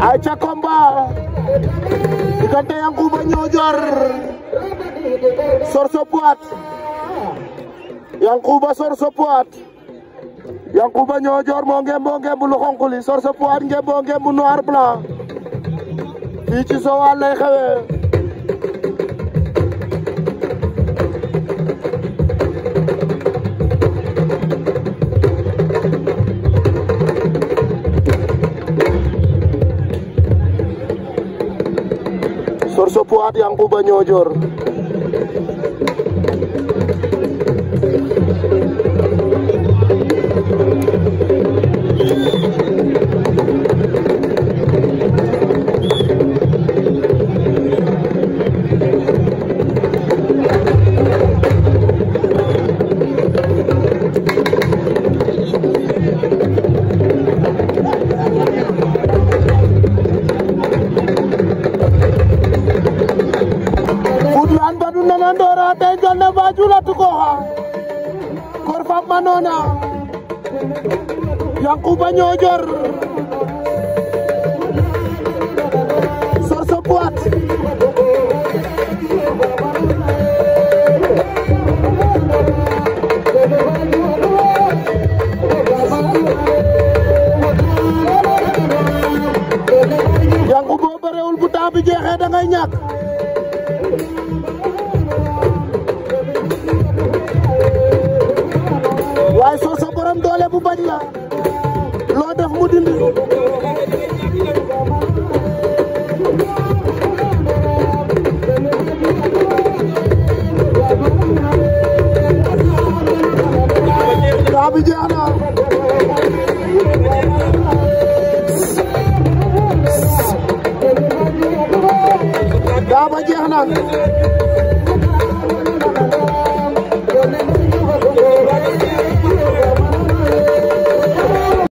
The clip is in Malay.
Aja komba Dikante yang kuba nyojor Sorso puat Yang kuba sorso puat Yang kuba nyojor Mongge mongge bulu kongkuli Sorso puat nge mongge bulu arpla Bici sawal lay khawai Sorso Pouat Yankuba Niodior nandora tay jonne bajula tuko ha korfa manona yanku banyo jor sorso puat yanku bo bareul bu tabi jeexé da ngay ñak laaj la loo def mu dindi Abi Diana daa ba jeex na